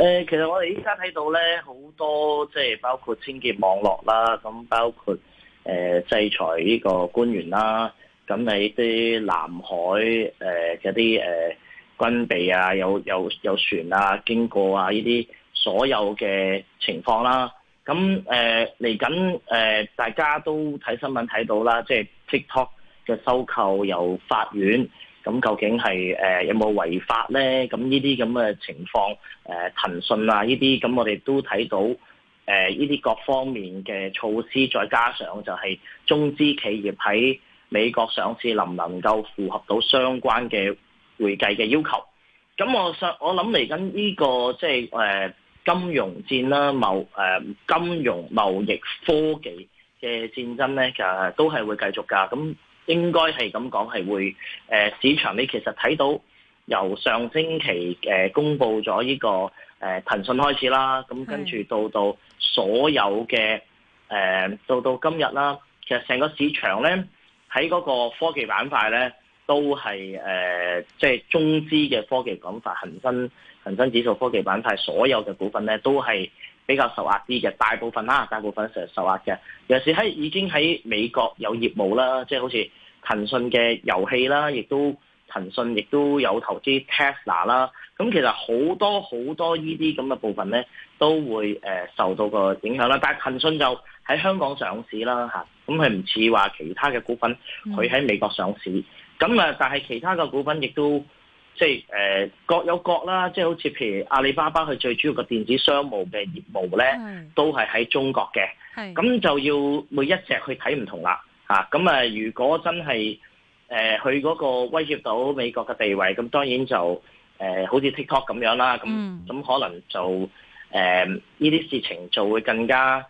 誒、呃，其實我哋依家睇到咧，好多即係包括清潔網絡啦，咁包括誒、呃、制裁呢個官員啦，咁你啲南海誒嗰啲誒軍備啊，有有有船啊經過啊，呢啲所有嘅情況啦。咁誒嚟緊誒，大家都睇新聞睇到啦，即係 TikTok 嘅收購由法院。咁究竟係誒、呃、有冇違法咧？咁呢啲咁嘅情況，誒、呃、騰訊啊，呢啲咁我哋都睇到誒呢啲各方面嘅措施，再加上就係中資企業喺美國上市，能唔能夠符合到相關嘅會計嘅要求？咁我想我諗嚟緊呢個即係誒金融戰啦，貿誒、呃、金融貿易科技嘅戰爭咧，其實都係會繼續噶咁。應該係咁講，係會誒、呃、市場。你其實睇到由上星期誒、呃、公佈咗呢個誒騰訊開始啦，咁跟住到到所有嘅誒、呃、到到今日啦。其實成個市場咧喺嗰個科技板塊咧，都係誒即係中資嘅科技講法，恒生恆生指數科技板塊所有嘅股份咧，都係比較受壓啲嘅。大部分啦，大部分成日受壓嘅。尤其是喺已經喺美國有業務啦，即係好似。騰訊嘅遊戲啦，亦都騰訊亦都有投資 Tesla 啦。咁其實好多好多呢啲咁嘅部分咧，都會誒、呃、受到個影響啦。但係騰訊就喺香港上市啦，吓、啊，咁佢唔似話其他嘅股份佢喺美國上市。咁啊，但係其他嘅股份亦都即係誒各有各啦。即係好似譬如阿里巴巴佢最主要嘅電子商務嘅業務咧，都係喺中國嘅。咁就要每一隻去睇唔同啦。啊，咁啊，如果真係誒，佢、呃、嗰個威脅到美國嘅地位，咁當然就誒、呃、好似 TikTok 咁樣啦，咁咁、mm. 可能就誒呢啲事情就會更加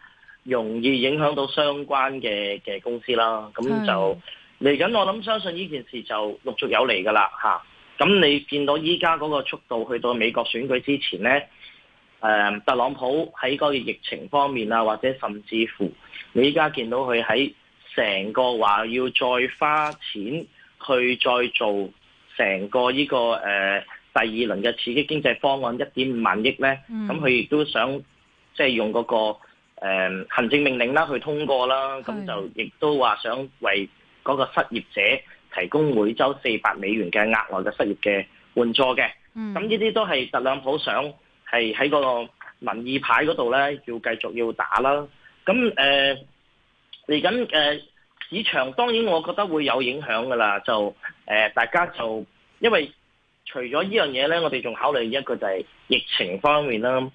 容易影響到相關嘅嘅公司啦。咁就嚟緊，mm. 我諗相信呢件事就陸續有嚟噶啦，吓、啊，咁你見到依家嗰個速度，去到美國選舉之前咧，誒、呃、特朗普喺嗰個疫情方面啊，或者甚至乎你依家見到佢喺。成個話要再花錢去再做成個呢、呢個誒、呃、第二輪嘅刺激經濟方案一點五萬億咧，咁佢亦都想即係、就是、用嗰、嗰個、呃、行政命令啦去通過啦，咁是就亦都話想為嗰個失業者提供每週四百美元嘅額外嘅失業嘅援助嘅，咁呢啲都係特朗普想係喺嗰個民意牌嗰度咧要繼續要打啦，咁誒。呃嚟緊誒市場，當然我覺得會有影響噶啦。就誒、呃、大家就因為除咗呢樣嘢咧，我哋仲考慮一個就係疫情方面啦。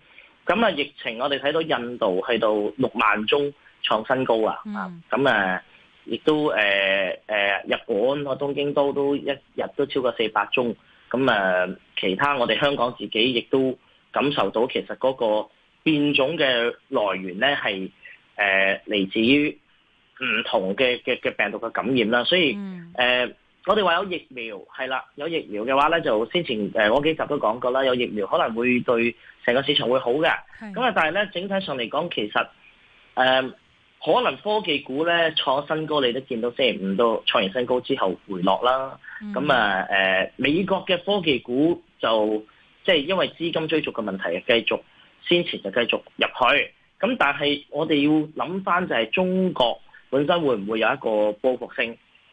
咁啊，疫情我哋睇到印度去到六萬宗創新高啊！啊、嗯，咁誒亦都誒誒、呃呃、日本個東京都都一日都超過四百宗。咁誒、呃、其他我哋香港自己亦都感受到其實嗰個變種嘅來源咧係誒嚟自於。唔同嘅嘅嘅病毒嘅感染啦，所以誒、嗯呃，我哋話有疫苗係啦，有疫苗嘅話咧，就先前誒、呃，我幾集都講過啦，有疫苗可能會對成個市場會好嘅。咁啊是，但係咧，整體上嚟講，其實誒、呃，可能科技股咧創新高你都見到，星期五到創完新高之後回落啦。咁、嗯、啊、呃，美國嘅科技股就即係、就是、因為資金追逐嘅問題，繼續先前就繼續入去。咁但係我哋要諗翻就係中國。本身會唔會有一個報復性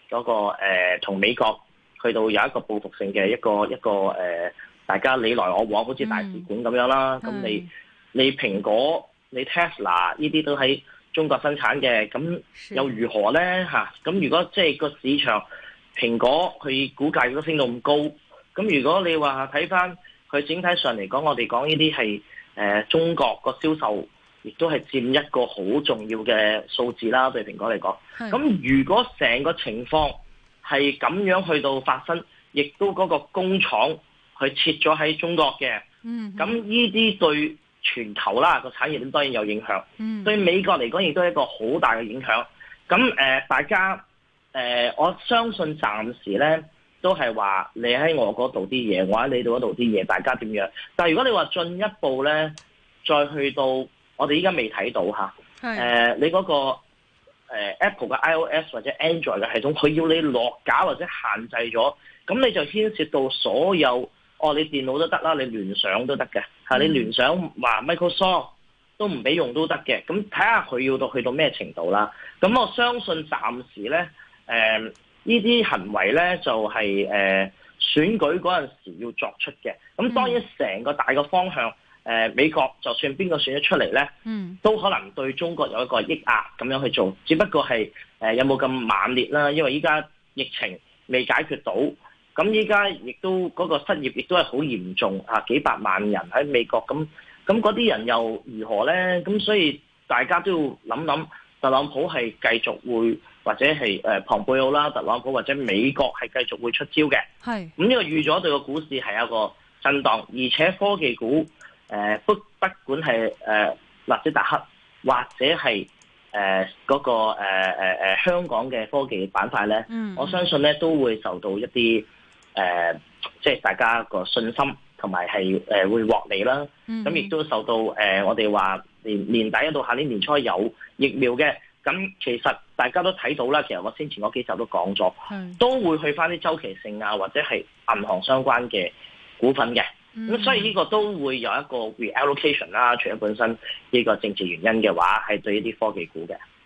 嗰、那個誒、呃？從美國去到有一個報復性嘅一個一個誒、呃？大家你來我往，好似大使館咁樣啦。咁、嗯、你的你蘋果、你 Tesla 呢啲都喺中國生產嘅，咁又如何咧？嚇的！咁、啊、如果即係個市場蘋果佢估計如果升到咁高，咁如果你話睇翻佢整體上嚟講，我哋講呢啲係誒中國個銷售。亦都係佔一個好重要嘅數字啦，對蘋果嚟講。咁如果成個情況係咁樣去到發生，亦都嗰個工廠係設咗喺中國嘅。嗯。咁呢啲對全球啦個產業鏈當然有影響。對美國嚟講亦都係一個好大嘅影響。咁、呃、大家、呃、我相信暫時咧都係話你喺我嗰度啲嘢，我喺你度嗰度啲嘢，大家點樣？但係如果你話進一步咧，再去到。我哋依家未睇到吓的、呃，你嗰、那個、呃、Apple 嘅 iOS 或者 Android 嘅系統，佢要你落架或者限制咗，咁你就牽涉到所有哦，你電腦都得啦，你聯想都得嘅，吓、嗯，你聯想話 Microsoft 都唔俾用都得嘅，咁睇下佢要到去到咩程度啦。咁我相信暫時咧，誒呢啲行為咧就係、是、誒、呃、選舉嗰陣時要作出嘅。咁當然成個大嘅方向。嗯誒、呃，美國就算邊個選咗出嚟咧，嗯，都可能對中國有一個抑壓咁樣去做，只不過係誒、呃、有冇咁猛烈啦？因為依家疫情未解決到，咁依家亦都嗰、那個失業亦都係好嚴重吓、啊，幾百萬人喺美國咁，咁嗰啲人又如何咧？咁所以大家都要諗諗，特朗普係繼續會或者係誒蓬佩奧啦，特朗普或者美國係繼續會出招嘅。係是，咁呢、嗯，這個預咗對個股市係有個震盪，而且科技股。誒不不管係誒、呃、納斯達克或者係誒嗰個誒誒、呃呃、香港嘅科技板塊咧，mm hmm. 我相信咧都會受到一啲誒即係大家個信心同埋係誒會獲利啦。咁亦、mm hmm. 都受到誒、呃、我哋話年年底到下年年初有疫苗嘅，咁其實大家都睇到啦。其實我先前嗰幾集都講咗，mm hmm. 都會去翻啲周期性啊，或者係銀行相關嘅股份嘅。咁所以呢個都會有一個 reallocation 啦，除咗本身呢個政治原因嘅話，係對一啲科技股嘅。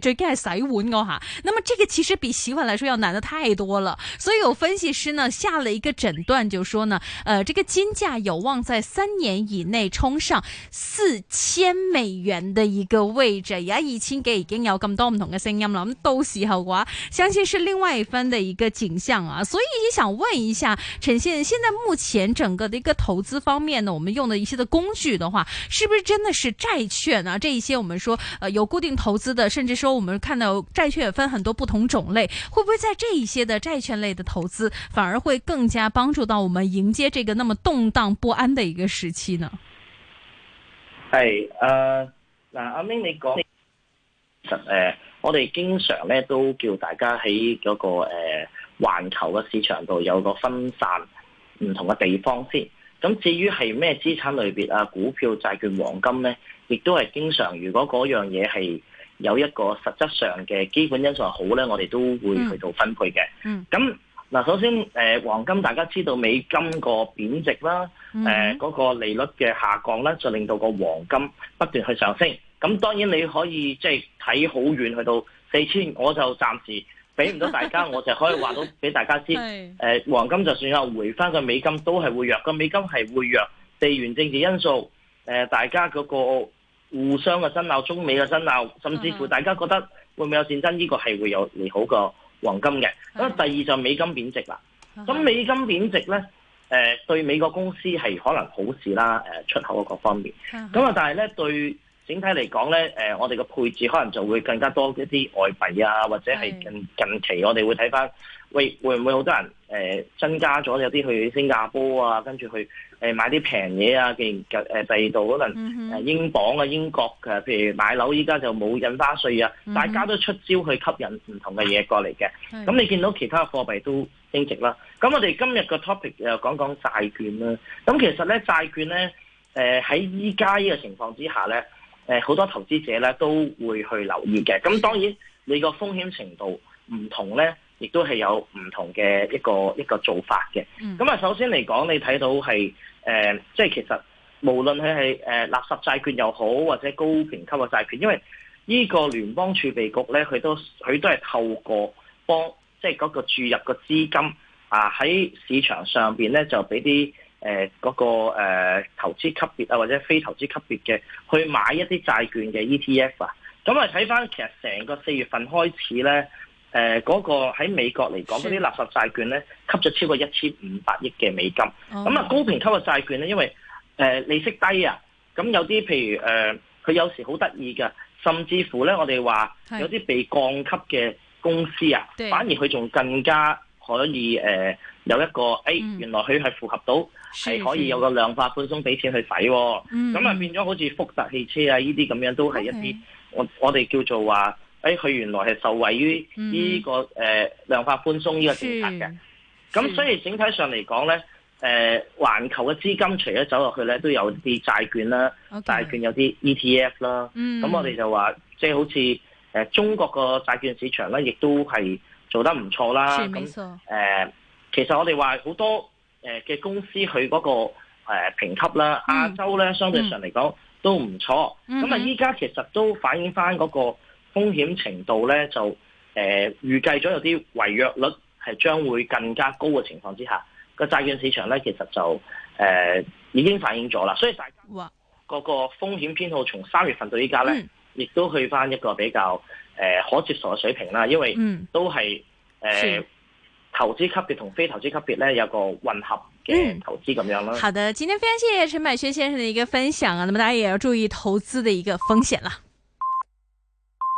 最開那麼這個其實比以往來說要難得太多了。所以有分析師呢，下了一個診斷，就說呢，呃，這個金價有望在三年以內衝上四千美元的一個位置。呀，以前給已經有咁多唔同嘅聲音啦，我都係好哇，相信是另外一番的一個景象啊。所以也想問一下陳先生，現在目前整個的一個投資方面呢，我們用的一些的工具的話，是不是真的是債券啊？這一些我們說呃，有固定投資的。甚至說，我們看到債券也分很多不同種類，會不會在這一些的債券類的投資，反而會更加幫助到我們迎接這個那麼動盪不安的一個時期呢？係誒，嗱、呃，阿、啊、明你講，實誒、呃，我哋經常咧都叫大家喺嗰、那個誒、呃、環球嘅市場度有個分散唔同嘅地方先。咁至於係咩資產類別啊，股票、債券、黃金咧，亦都係經常，如果嗰樣嘢係。有一個實質上嘅基本因素係好咧，我哋都會去到分配嘅。嗯。咁嗱，首先誒、呃、黃金，大家知道美金個貶值啦，誒嗰、嗯呃嗰個利率嘅下降咧，就令到個黃金不斷去上升。咁當然你可以即係睇好遠去到四千，我就暫時俾唔到大家， 我就可以話到俾大家知。係是。黃、呃、黃金就算係回翻個美金都係會弱嘅，美金係會弱。地緣政治因素，呃、大家嗰、嗰個。互相嘅爭拗，中美嘅爭拗，甚至乎大家覺得會唔會有戰爭？呢、這個係會有利好過黃金嘅。咁第二就係美金貶值啦。咁美金貶值咧，誒、呃、對美國公司係可能好事啦。呃、出口嘅各方面。咁啊，但係咧對整體嚟講咧，誒、我哋嘅配置可能就會更加多一啲外幣啊，或者係近是近期我哋會睇翻。喂，會唔會好多人、呃、增加咗有啲去新加坡啊，跟住去誒、呃、買啲平嘢啊？嘅誒第二度可能英鎊啊、英國嘅、啊、譬如買樓，依家就冇印花稅啊，大家都出招去吸引唔同嘅嘢過嚟嘅。咁的你見到其他貨幣都升值啦。咁我哋今日個 topic 又講講債券啦。咁其實咧債券咧喺依家呢、呃、呢個情況之下咧，呃好多投資者咧都會去留意嘅。咁當然你個風險程度唔同咧。亦都係有唔同嘅一個一個做法嘅。咁啊、嗯，首先嚟講，你睇到係誒，即、呃、係、就係、其實無論佢係誒垃圾債券又好，或者高評級嘅債券，因為呢個聯邦儲備局咧，佢都佢都係透過幫即係嗰個注入嘅資金啊，喺市場上邊咧就俾啲誒嗰個、呃、投資級別啊，或者非投資級別嘅去買一啲債券嘅 ETF 啊。咁啊，睇翻其實成個四月份開始咧。誒嗰、呃那個喺美國嚟講嗰啲垃圾債券咧，吸咗超過一千五百億嘅美金。咁啊、哦，那麼高評級嘅債券咧，因為誒、呃、利息低啊，咁有啲譬如誒，佢、呃、有時好得意嘅，甚至乎咧，我哋話有啲被降級嘅公司啊，是反而佢仲更加可以誒、呃、有一個，誒、嗯哎、原來佢係符合到，係是、呃、可以有個量化寬鬆俾錢去使。咁啊，嗯、那變咗好似福特汽車啊呢啲咁樣都係一啲 okay. 我我哋叫做話。誒，佢、哎、原來係受惠於呢個誒、嗯呃、量化寬鬆呢個政策嘅，咁、嗯、所以整體上嚟講咧，誒環、嗯呃、球嘅資金除咗走落去咧，都有啲債券啦，債 Okay. 券有啲 ETF 啦，咁、嗯、我哋就話即係好似誒、呃、中國個債券市場咧，亦都係做得唔錯啦。咁誒、呃，其實我哋話好多誒嘅、呃、公司去嗰、那個誒評、呃、級啦，亞、嗯、洲咧相對上嚟講、嗯、都唔錯，咁啊依家其實都反映翻、那、嗰個風險程度咧就誒預計咗有啲違約率係將會更加高嘅情況之下，這個債券市場咧其實就、呃、已經反映咗啦。所以大家個個風險偏好從三月份到依家咧，亦、嗯、都去翻一個比較、呃、可接受嘅水平啦。因為都係投資級別同非投資級別咧有個混合嘅投資咁樣囉。好的，今天非常謝謝陳柏軒先生嘅一個分享啊，那麼大家也要注意投資嘅一個風險啦。